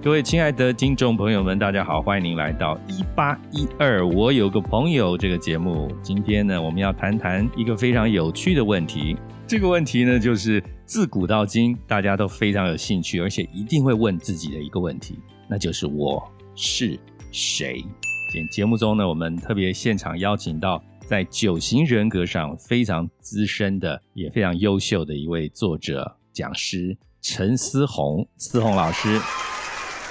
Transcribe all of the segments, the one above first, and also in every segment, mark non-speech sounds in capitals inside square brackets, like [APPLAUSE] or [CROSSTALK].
各位親愛的聽眾朋友們，大家好，歡迎您來到一八一二，我有個朋友這個節目。今天呢，我們要談談一個非常有趣的問題。這個問題呢，就是自古到今，大家都非常有興趣，而且一定會問自己的一個問題，那就是我是誰？今天節目中呢，我們特別現場邀請到在九型人格上非常資深的，也非常優秀的一位作者、講師陳思宏，思宏老師。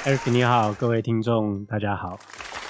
Eric，你好，各位聽眾，大家好。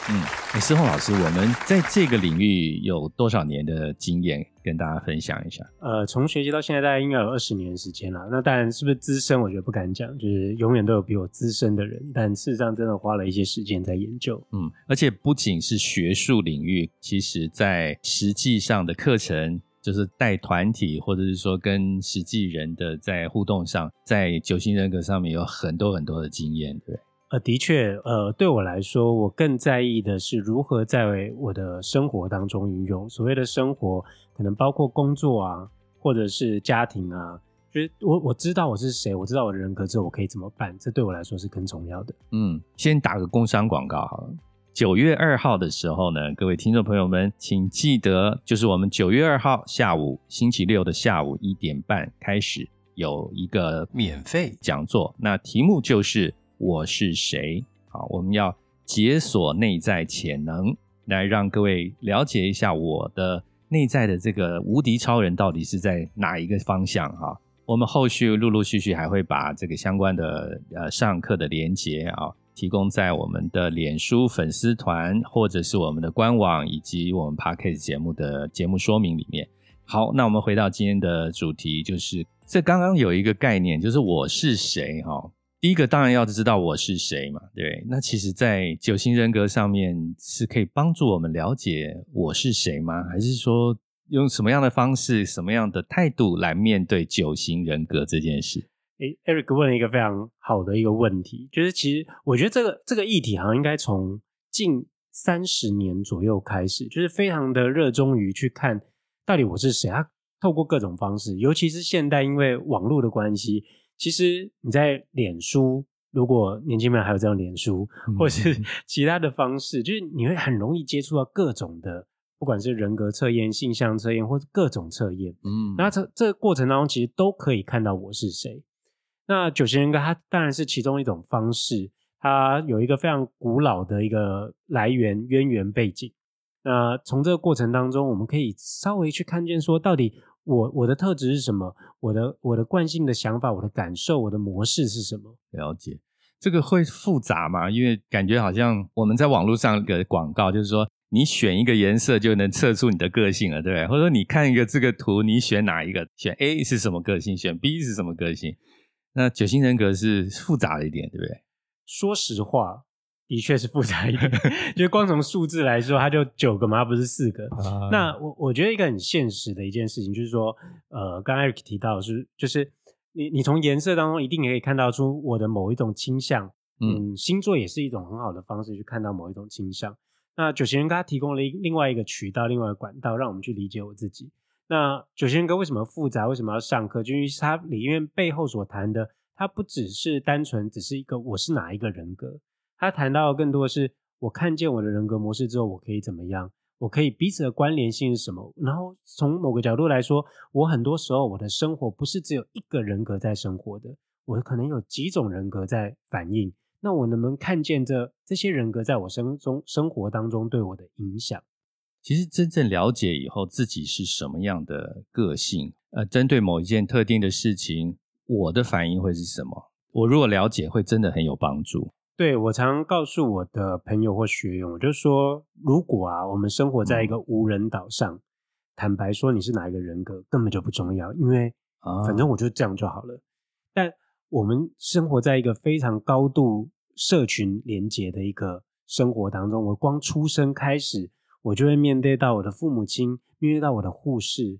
嗯，思宏老師，我們在這個領域有多少年的經驗？跟大家分享一下。呃，從學習到現在，大概應該有二十年的時間了。那當然是不是資深？我覺得不敢講，就是永遠都有比我資深的人。但事實上，真的花了一些時間在研究。嗯，而且不僅是學術領域，其實在實際上的課程，就是帶團體或者是說跟實際人的在互動上，在九型人格上面有很多很多的經驗。對。呃，的確，呃，對我來說，我更在意的是如何在我的生活當中運用所謂的“生活”，可能包括工作啊，或者是家庭啊。就是我我知道我是誰，我知道我的人格之後，我可以怎麼辦？這對我來說是更重要的。嗯，先打個工商廣告好了。九月二號的時候呢，各位聽眾朋友們，請記得，就是我們九月二號下午，星期六的下午一點半開始有一個免費講座，費那題目就是。我是誰？好，我們要解鎖內在潛能，來讓各位了解一下我的內在的這個無敵超人到底是在哪一個方向哈，我們後續陸陸續續還會把這個相關的呃上課的連結啊，提供在我們的臉書粉絲團或者是我們的官網以及我們 Podcast 節目的節目說明裡面。好，那我們回到今天的主題，就是這剛剛有一個概念，就是我是誰？哈。第一個當然要知道我是誰嘛，對。那其實，在九型人格上面是可以幫助我們了解我是誰嗎？還是說用什麼樣的方式、什麼樣的態度來面對九型人格這件事？哎，Eric 問了一個非常好的一個問題，就是其實我覺得這個這個議題好像應該從近三十年左右開始，就是非常的熱衷於去看到底我是誰，他透過各種方式，尤其是現代因為網絡的關係。其實你在臉書，如果年輕朋友還有這樣臉書，嗯、或者是其他的方式，就是你會很容易接觸到各種的，不管是人格測驗、性向測驗，或者各種測驗，嗯，那這這個過程當中，其實都可以看到我是誰。那九型人格它當然是其中一種方式，它有一個非常古老的一個來源、淵源背景。那從這個過程當中，我們可以稍微去看見說到底。我我的特質是什麼？我的我的慣性的想法，我的感受，我的模式是什麼？了解。這個會複雜嗎？因為感覺好像我們在網絡上一個廣告，就是說你選一個顏色就能測出你的個性了，對不對？或者說你看一個這個圖，你選哪一個？選 A 是什麼個性？選 B 是什麼個性？那九型人格是複雜了一點，對不對？說實話。的確是複雜一點， [LAUGHS] [LAUGHS] 就是光從數字來說，它就九個嘛，它不是四個。啊、那我我覺得一個很現實的一件事情，就是說，呃，剛 Eric 提到的是，就是你你從顏色當中一定可以看到出我的某一種傾向，嗯，嗯星座也是一種很好的方式去看到某一種傾向。那九型人格他提供了一另外一個渠道，另外一個管道，讓我們去理解我自己。那九型人格為什麼複雜？為什麼要上課？就是它裡面背後所談的，它不只是單純只是一個我是哪一個人格。他談到更多的是，我看見我的人格模式之後，我可以怎麼樣？我可以彼此的關聯性是什麼？然後從某個角度來說，我很多時候我的生活不是只有一個人格在生活的，我可能有幾種人格在反應。那我能不能看見這這些人格在我生中生活當中對我的影響？其實真正了解以後，自己是什麼樣的個性，呃，針對某一件特定的事情，我的反應會是什麼？我如果了解，會真的很有幫助。對，我常告訴我的朋友或學員，我就說，如果啊，我們生活在一個無人島上，嗯、坦白說，你是哪一個人格根本就不重要，因為反正我就這樣就好了。啊、但我們生活在一個非常高度社群連接的一個生活當中，我光出生開始，我就會面對到我的父母親，面對到我的護士、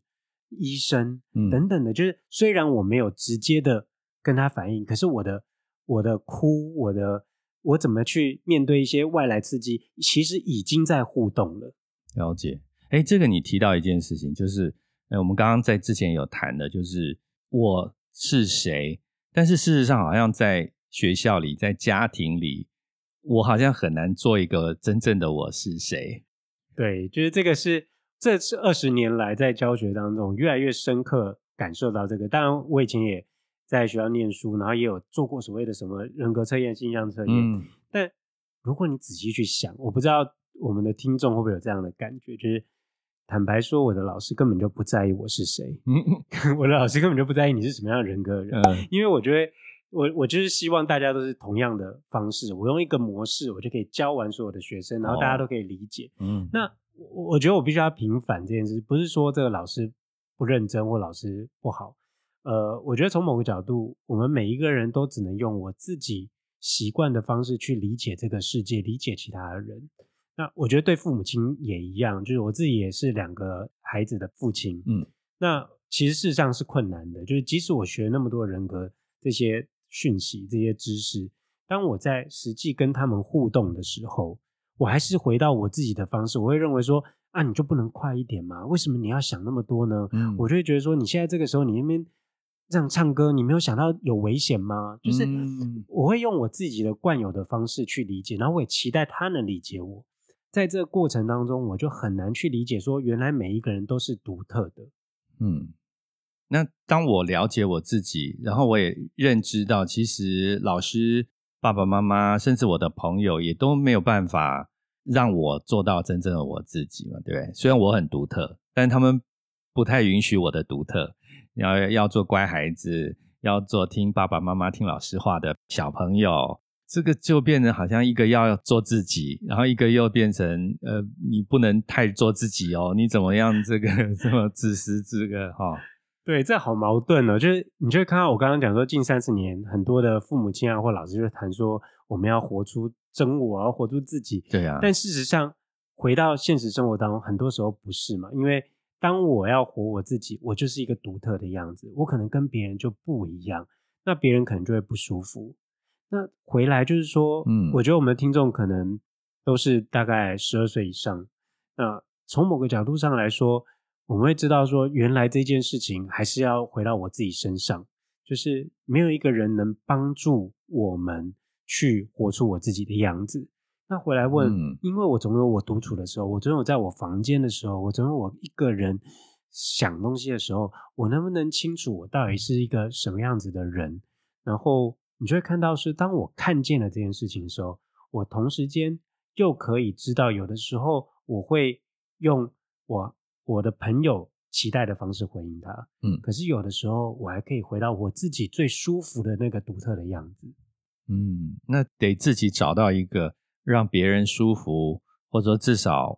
醫生、嗯、等等的，就是雖然我沒有直接的跟他反應，可是我的我的哭，我的。我怎麼去面對一些外來刺激？其實已經在互動了。了解，哎，這個你提到一件事情，就是哎，我們剛剛在之前有談的，就是我是誰？但是事實上，好像在學校裡，在家庭裡，我好像很難做一個真正的我是誰。對，就是這個是這是二十年來在教學當中越來越深刻感受到這個。當然，我以前也。在學校念書，然後也有做過所謂的什麼人格測驗、性向測驗。嗯、但如果你仔細去想，我不知道我們的聽眾會不會有這樣的感覺，就是坦白說，我的老師根本就不在意我是誰，嗯、 [LAUGHS] 我的老師根本就不在意你是什麼樣的人格的人，嗯、因為我覺得我我就是希望大家都是同樣的方式，我用一個模式，我就可以教完所有的學生，然後大家都可以理解。哦、嗯，那我我覺得我必須要平反這件事，不是說這個老師不認真或老師不好。呃，我覺得從某個角度，我們每一個人都只能用我自己習慣的方式去理解這個世界，理解其他的人。那我覺得對父母親也一樣，就是我自己也是兩個孩子的父親。嗯，那其實事實上是困難的，就是即使我學那麼多人格這些訊息、這些知識，當我在實際跟他們互動的時候，我還是回到我自己的方式。我會認為說，啊，你就不能快一點嗎？為什麼你要想那麼多呢？嗯，我就會覺得說，你現在這個時候，你那邊。這樣唱歌，你沒有想到有危險嗎？就是我會用我自己的慣有的方式去理解，嗯，然後我也期待他能理解我。在這個過程當中，我就很難去理解說，原來每一個人都是獨特的。嗯，那當我了解我自己，然後我也認知到，其實老師、爸爸媽媽，甚至我的朋友，也都沒有辦法讓我做到真正的我自己嘛，對不對？雖然我很獨特，但他們不太允許我的獨特。要要做乖孩子，要做聽爸爸媽媽、聽老師話的小朋友，這個就變成好像一個要做自己，然後一個又變成呃，你不能太做自己哦，你怎麼樣？這個這麼自私自、這個哈？哦、對，這好矛盾哦。就是你就會看到我剛剛講說，近三十年很多的父母親啊或老師就談說，我們要活出真我，要活出自己。對啊，但事實上回到現實生活當中，很多時候不是嘛，因為。當我要活我自己，我就是一個獨特的樣子，我可能跟別人就不一樣，那別人可能就會不舒服。那回來就是說，嗯，我覺得我們的聽眾可能都是大概十二歲以上，那從某個角度上來說，我們會知道說原來這件事情還是要回到我自己身上，就是沒有一個人能幫助我們去活出我自己的樣子。那回來問，嗯，因為我總有我獨處的時候，我總有在我房間的時候，我總有我一個人想東西的時候，我能不能清楚我到底是一個什麼樣子的人？然後你就會看到，是當我看見了這件事情的時候，我同時間又可以知道，有的時候我會用我我的朋友期待的方式回應他，嗯，可是有的時候我還可以回到我自己最舒服的那個獨特的樣子，嗯，那得自己找到一個。讓別人舒服，或者說至少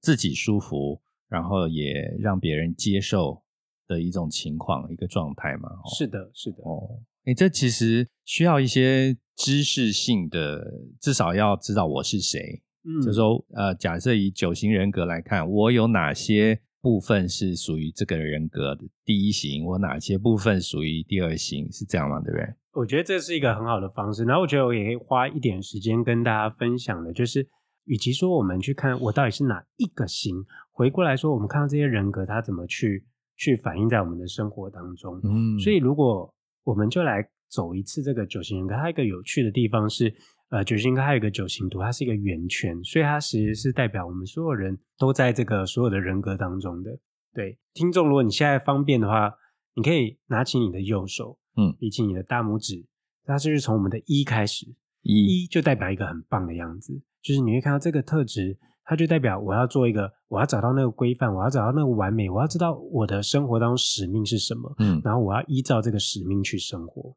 自己舒服，然後也讓別人接受的一種情況、一個狀態嘛。是的，是的。哦，你這其實需要一些知識性的，至少要知道我是誰。嗯，就是說呃，假設以九型人格來看，我有哪些部分是屬於這個人格的第一型？我哪些部分屬於第二型？是這樣嗎？對不對？我覺得這是一個很好的方式。然後，我覺得我也可以花一點時間跟大家分享的，就是，與其說我們去看我到底是哪一個型，回過來說，我們看到這些人格它怎麼去去反映在我們的生活當中。嗯，所以如果我們就來走一次這個九型人格，它一個有趣的地方是，呃，九型格它有一個九型圖，它是一個圓圈，所以它其實是代表我們所有人都在這個所有的人格當中的。對，聽眾，如果你現在方便的話，你可以拿起你的右手。嗯，比起你的大拇指，它就是從我們的一開始，一,一就代表一個很棒的樣子，就是你會看到這個特質，它就代表我要做一個，我要找到那個規範，我要找到那個完美，我要知道我的生活當中使命是什麼，嗯，然後我要依照這個使命去生活。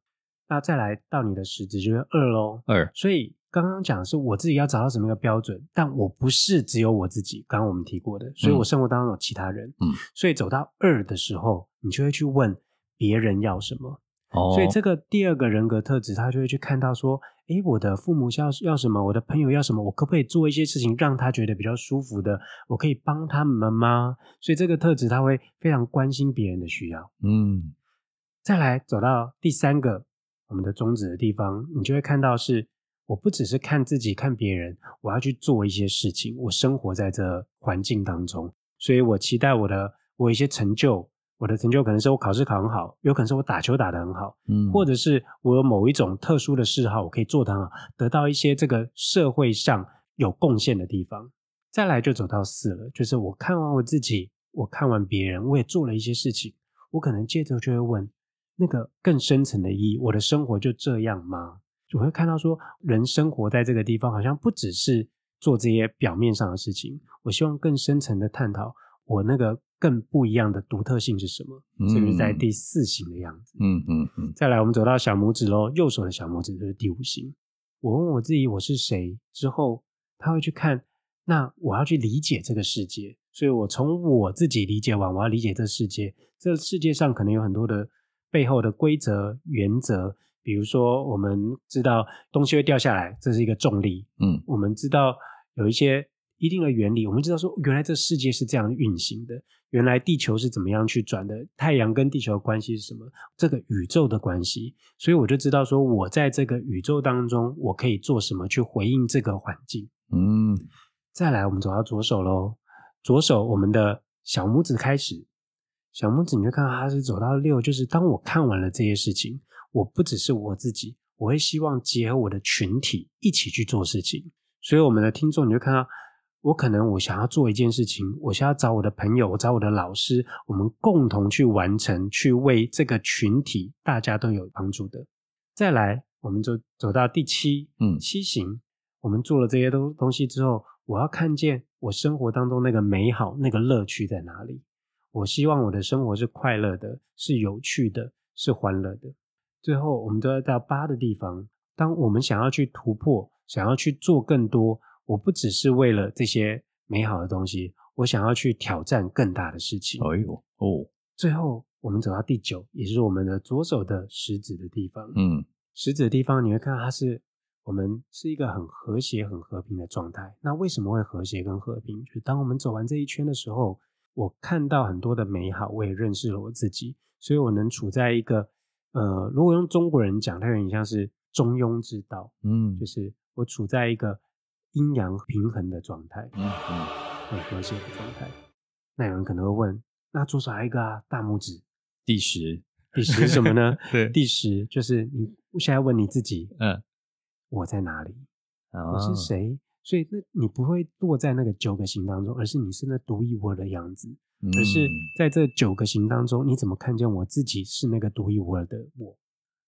那再來到你的食指就是二嘍，二，所以剛剛講的是我自己要找到什麼一個標準，但我不是只有我自己，剛剛我們提過的，所以我生活當中有其他人，嗯，嗯，所以走到二的時候，你就會去問別人要什麼。所以這個第二個人格特質，他就會去看到說，誒，我的父母要要什麼，我的朋友要什麼，我可不可以做一些事情讓他覺得比較舒服的？我可以幫他們嗎？所以這個特質他會非常關心別人的需要。嗯，再來走到第三個我們的宗旨的地方，你就會看到是我不只是看自己看別人，我要去做一些事情。我生活在這環境當中，所以我期待我的我一些成就。我的成就可能是我考試考很好，有可能是我打球打得很好，嗯，或者是我有某一種特殊的嗜好，我可以做得很好，得到一些這個社會上有貢獻的地方。再來就走到四了，就是我看完我自己，我看完別人，我也做了一些事情，我可能接着就會問，那個更深層的意義。我的生活就這樣嗎？我會看到說，人生活在這個地方，好像不只是做這些表面上的事情。我希望更深層的探討。我那個更不一樣的獨特性是什麼？嗯，就是在第四型的樣子。嗯嗯嗯。嗯嗯嗯，再來，我們走到小拇指嘍，右手的小拇指就是第五型。我問我自己我是誰之後，他會去看，那我要去理解這個世界，所以我從我自己理解完，我要理解這個世界。這個世界上可能有很多的背後的規則、原則，比如說我們知道東西會掉下來，這是一個重力。嗯，我們知道有一些。一定的原理，我們知道說，原來這世界是這樣運行的，原來地球是怎麼樣去轉的，太陽跟地球的關係是什麼，這個宇宙的關係，所以我就知道說，我在這個宇宙當中，我可以做什麼去回應這個環境。嗯，再來，我們走到左手嘍，左手我們的小拇指開始，小拇指你就看到它是走到六，就是當我看完了這些事情，我不只是我自己，我會希望結合我的群體一起去做事情，所以我們的聽眾你就看到。我可能，我想要做一件事情，我想要找我的朋友，我找我的老師，我們共同去完成，去為這個群體大家都有幫助的。再來，我們就走到第七，嗯，七行，我們做了這些東東西之後，我要看見我生活當中那個美好、那個樂趣在哪裡。我希望我的生活是快樂的，是有趣的，是歡樂的。最後，我們都要到八的地方。當我們想要去突破，想要去做更多。我不只是為了這些美好的東西，我想要去挑戰更大的事情。哎呦哦！最後我們走到第九，也是我們的左手的食指的地方。嗯，食指的地方你會看到它是我們是一個很和諧、很和平的狀態。那為什麼會和諧跟和平？就是當我們走完這一圈的時候，我看到很多的美好，我也認識了我自己，所以我能處在一個呃，如果用中國人講，它有點像是中庸之道。嗯，就是我處在一個。陰陽平衡的狀態，嗯，嗯嗯，很和諧的狀態。那有人可能會問，那左手還有一個啊，大拇指，第十，第十是什麼呢？ [LAUGHS] 對，第十就是你現在問你自己，嗯，我在哪裡？我、哦、是誰？所以，那你不會落在那個九個型當中，而是你是那獨一無二的樣子。可、嗯、是，在這九個型當中，你怎麼看見我自己是那個獨一無二的我？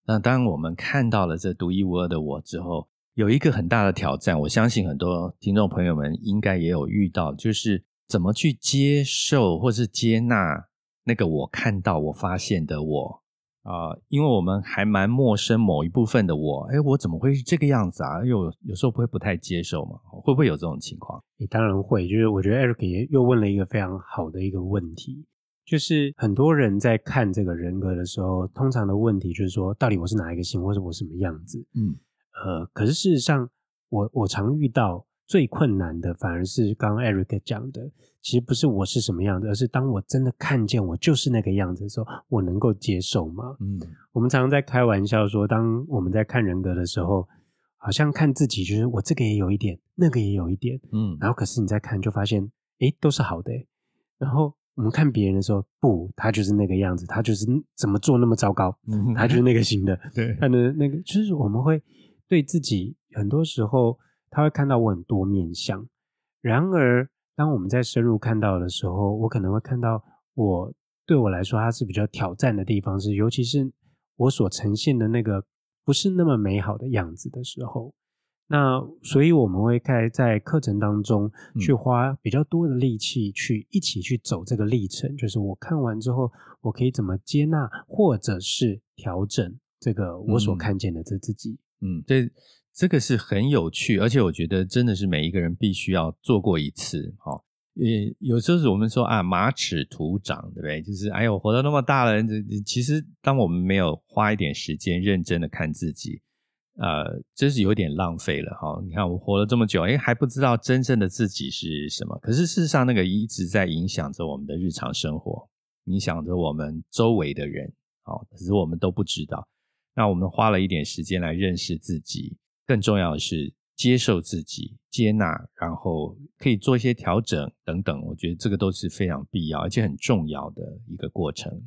那當我們看到了這獨一無二的我之後，有一個很大的挑戰，我相信很多聽眾朋友們應該也有遇到，就是怎麼去接受或是接納那個我看到、我發現的我啊、呃，因為我們還蠻陌生某一部分的我，誒我怎麼會是這個樣子啊？有時候不會不太接受嘛，會不會有這種情況？也當然會，就是我覺得 Eric 又問了一個非常好的一個問題，就是很多人在看這個人格的時候，通常的問題就是說，到底我是哪一個型，或者我什麼樣子？嗯呃，可是事實上我，我我常遇到最困難的，反而是剛剛 Eric 講的，其實不是我是什麼樣的，而是當我真的看見我就是那個樣子的時候，我能夠接受嗎？嗯，我們常常在開玩笑說，當我們在看人格的時候，嗯、好像看自己就是我這個也有一點，那個也有一點，嗯，然後可是你在看就發現，哎，都是好的。然後我們看別人的時候，不，他就是那個樣子，他就是怎麼做那麼糟糕，他就是那個型的， [LAUGHS] 對，他的那個就是我們會。對自己，很多時候他會看到我很多面向。然而，當我們在深入看到的時候，我可能會看到我，對我來說，它是比較挑戰的地方是，尤其是我所呈現的那個不是那麼美好的樣子的時候。那所以我們會開在，在課程當中去花比較多的力氣去一起去走這個歷程，就是我看完之後，我可以怎麼接納或者是調整這個我所看見的這自己。嗯。嗯，對，這個是很有趣，而且我覺得真的是每一個人必須要做過一次。好、哦，也，有時候我們說啊“馬齒徒長”，對不對？就是哎呦，活到那麼大了，其實當我們沒有花一點時間認真的看自己，呃，真是有點浪費了。哈、哦，你看我活了這麼久，哎，還不知道真正的自己是什麼？可是事實上，那個一直在影響着我們的日常生活，影響着我們周圍的人。好、哦，只是我們都不知道。那我們花了一點時間來認識自己，更重要的是接受自己、接納，然後可以做一些調整等等。我覺得這個都是非常必要而且很重要的一個過程。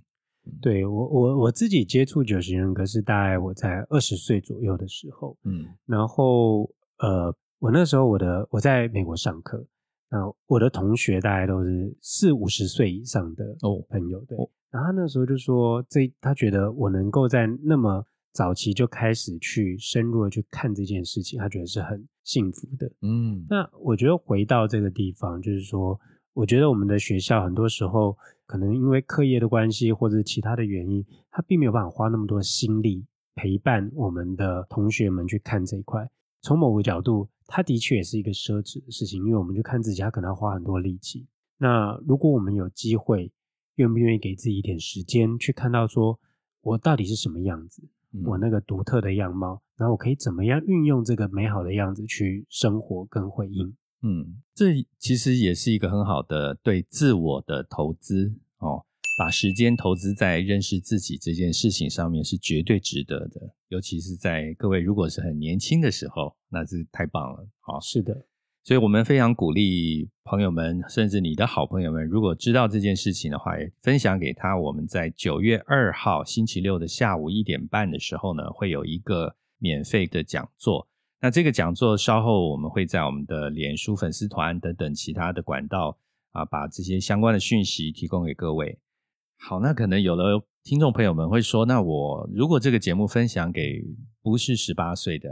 對我，我我自己接觸九型人格是大概我在二十歲左右的時候，嗯，然後呃，我那時候我的我在美國上課，那我的同學大概都是四五十歲以上的哦朋友哦對，然後他那時候就說，這他覺得我能夠在那麼早期就開始去深入的去看這件事情，他覺得是很幸福的。嗯，那我覺得回到這個地方，就是說，我覺得我們的學校很多時候可能因為課業的關係或者其他的原因，他並沒有辦法花那麼多心力陪伴我們的同學們去看這一塊。從某個角度，他的確也是一個奢侈的事情，因為我們就看自己，他可能要花很多力氣。那如果我們有機會，願不願意給自己一點時間去看到，說我到底是什麼樣子？我那個獨特的樣貌，然後我可以怎麼樣運用這個美好的樣子去生活跟回應？嗯，這其實也是一個很好的對自我的投資哦，把時間投資在認識自己這件事情上面是絕對值得的，尤其是在各位如果是很年輕的時候，那是太棒了。好，是的。所以我們非常鼓勵朋友們，甚至你的好朋友們，如果知道這件事情的話，也分享給他。我們在九月二號星期六的下午一點半的時候呢，會有一個免費的講座。那這個講座稍後我們會在我們的臉書粉絲團等等其他的管道啊，把這些相關的訊息提供給各位。好，那可能有的聽眾朋友們會說，那我如果這個節目分享給不是十八歲的，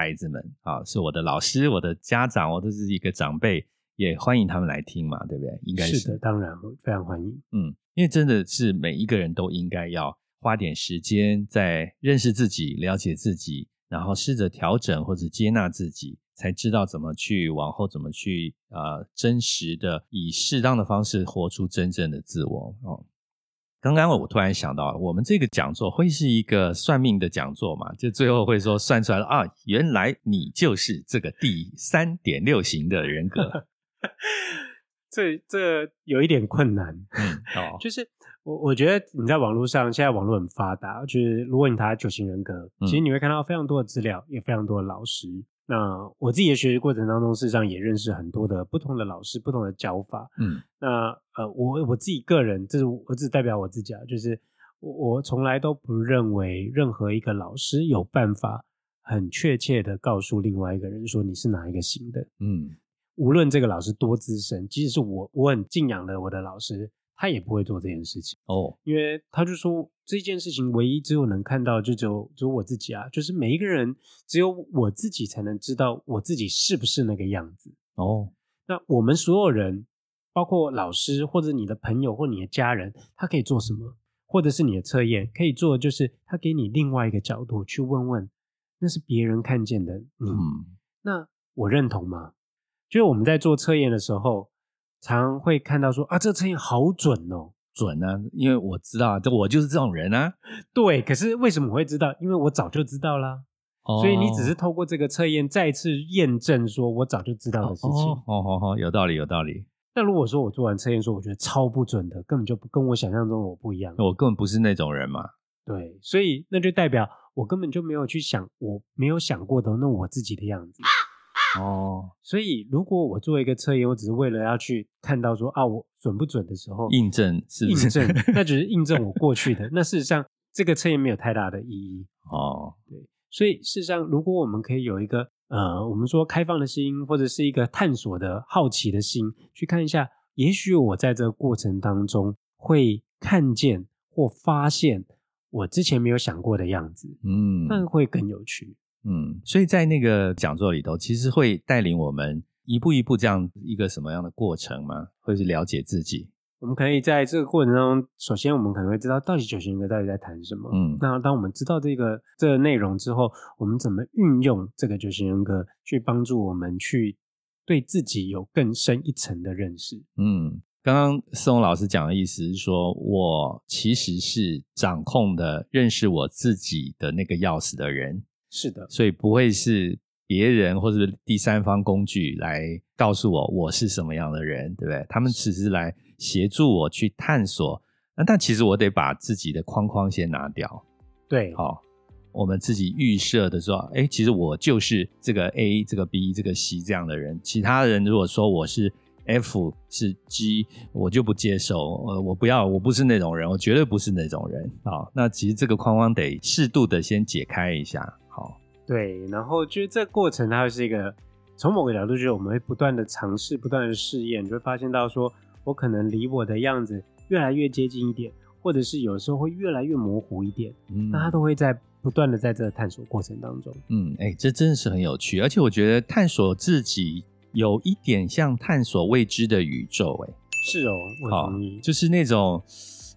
孩子們啊，是我的老師，我的家長，我都是一個長輩，也歡迎他們來聽嘛，對不對？應該是。是的，當然非常歡迎。嗯，因為真的是每一個人都應該要花點時間，在認識自己、了解自己，然後試着調整或者接納自己，才知道怎麼去往後，怎麼去啊，呃，真實的以適當的方式活出真正的自我哦。嗯剛剛我突然想到，我們這個講座會是一個算命的講座嘛？就最後會說，算出來了啊，原來你就是這個第三點六型的人格。呵呵，這這有一點困難，嗯，哦，就是我我覺得你在網絡上，現在網絡很發達，就是如果你打九型人格，其實你會看到非常多的資料，也非常多的老師。那我自己的學習過程當中，事實上也認識很多的不同的老師，不同的教法。嗯，那呃，我我自己個人，這是我只代表我自己啊，就是我我從來都不認為任何一個老師有辦法很確切的告訴另外一個人說，你是哪一個型的。嗯，無論這個老師多資深，即使是我我很敬仰的我的老師。他也不會做這件事情哦，oh. 因為他就說這件事情唯一只有能看到，就只有只有我自己啊，就是每一個人只有我自己才能知道我自己是不是那個樣子哦。Oh. 那我們所有人，包括老師或者你的朋友或者你的家人，他可以做什麼？或者是你的測驗可以做，就是他給你另外一個角度去問問，那是別人看見的。嗯，那我認同嗎？就是我們在做測驗的時候。常會看到說啊，這個測驗好準哦，準啊！因為我知道，啊對，我就是這種人啊。對，可是為什麼我會知道？因為我早就知道啦、啊。哦、所以你只是透過這個測驗，再次驗證說我早就知道的事情。哦、好、哦、好、哦哦，有道理，有道理。那如果說我做完測驗說，說我覺得超不準的，根本就不跟我想象中我不一樣，我根本不是那種人嘛。對，所以那就代表我根本就沒有去想，我沒有想過的那我自己的樣子。啊哦，oh, 所以如果我做一個測驗，我只是為了要去看到說啊，我準不準的時候，印證，是不是？印證，那只是印證我過去的。 [LAUGHS] 那事實上，這個測驗沒有太大的意義。哦，oh. 對，所以事實上，如果我們可以有一個呃，我們說開放的心，或者是一個探索的好奇的心，去看一下，也許我在這個過程當中會看見或發現我之前沒有想過的樣子，嗯，那會更有趣。嗯，所以在那個講座裡頭，其實會帶領我們一步一步這樣一個什麼樣的過程嗎？會是了解自己。我們可以在這個過程當中，首先我們可能會知道到底九型人格到底在談什麼。嗯，那當我們知道這個這個內容之後，我們怎麼運用這個九型人格去幫助我們去對自己有更深一層的認識？嗯，剛剛思宏老師講的意思是說，我其實是掌控的認識我自己的那個鑰匙的人。是的，所以不會是別人或是第三方工具來告訴我我是什麼樣的人，對不對？他們只是來協助我去探索。那但其實我得把自己的框框先拿掉，對，好，我們自己預設的時候，哎、欸，其實我就是這個 A，這個 B，這個 C 這樣的人。其他人如果說我是 F，是 G，我就不接受，呃，我不要，我不是那種人，我絕對不是那種人啊。那其實這個框框得適度的先解開一下。好，對，然後就是這過程，它會是一個從某個角度，就是我們會不斷的嘗試，不斷的試驗，你就會發現到說，我可能離我的樣子越來越接近一點，或者是有時候會越來越模糊一點，嗯，那它都會在不斷的在這個探索過程當中，嗯，哎、欸，這真的是很有趣，而且我覺得探索自己有一點像探索未知的宇宙，哎，是哦，我同意，好，就是那種。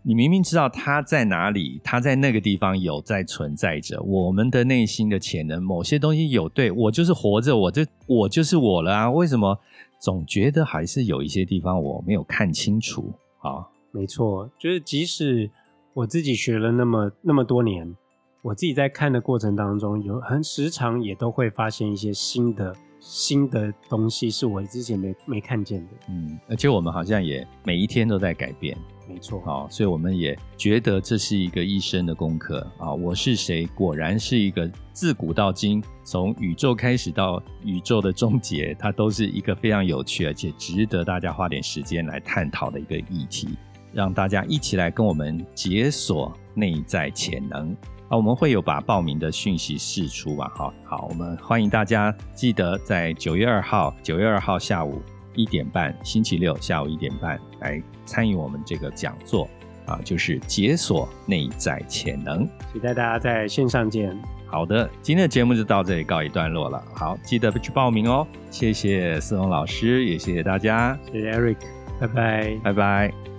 你明明知道他在哪裡，他在那個地方有在存在着，我們的內心的潛能，某些東西有，對，我就是活着，我就我就是我了啊！為什麼總覺得還是有一些地方我沒有看清楚啊？好。沒錯，就是即使我自己學了那麼那麼多年，我自己在看的過程當中，有很時常也都會發現一些新的。新的東西是我之前沒沒看見的，嗯，而且我們好像也每一天都在改變，沒錯，好，所以我們也覺得這是一個一生的功課啊。我是誰，果然是一個自古到今，從宇宙開始到宇宙的終結，它都是一個非常有趣而且值得大家花點時間來探討的一個議題，讓大家一起來跟我們解鎖內在潛能。好，我們會有把報名的訊息釋出吧，哈。好，我們歡迎大家記得在九月二號，九月二號下午一點半，星期六下午一點半來參與我們這個講座，啊，就是解鎖內在潛能。期待大家在線上見。好的，今天的節目就到這裡告一段落了。好，記得去報名哦。謝謝思宏老師，也謝謝大家。謝謝 Eric，拜拜。拜拜。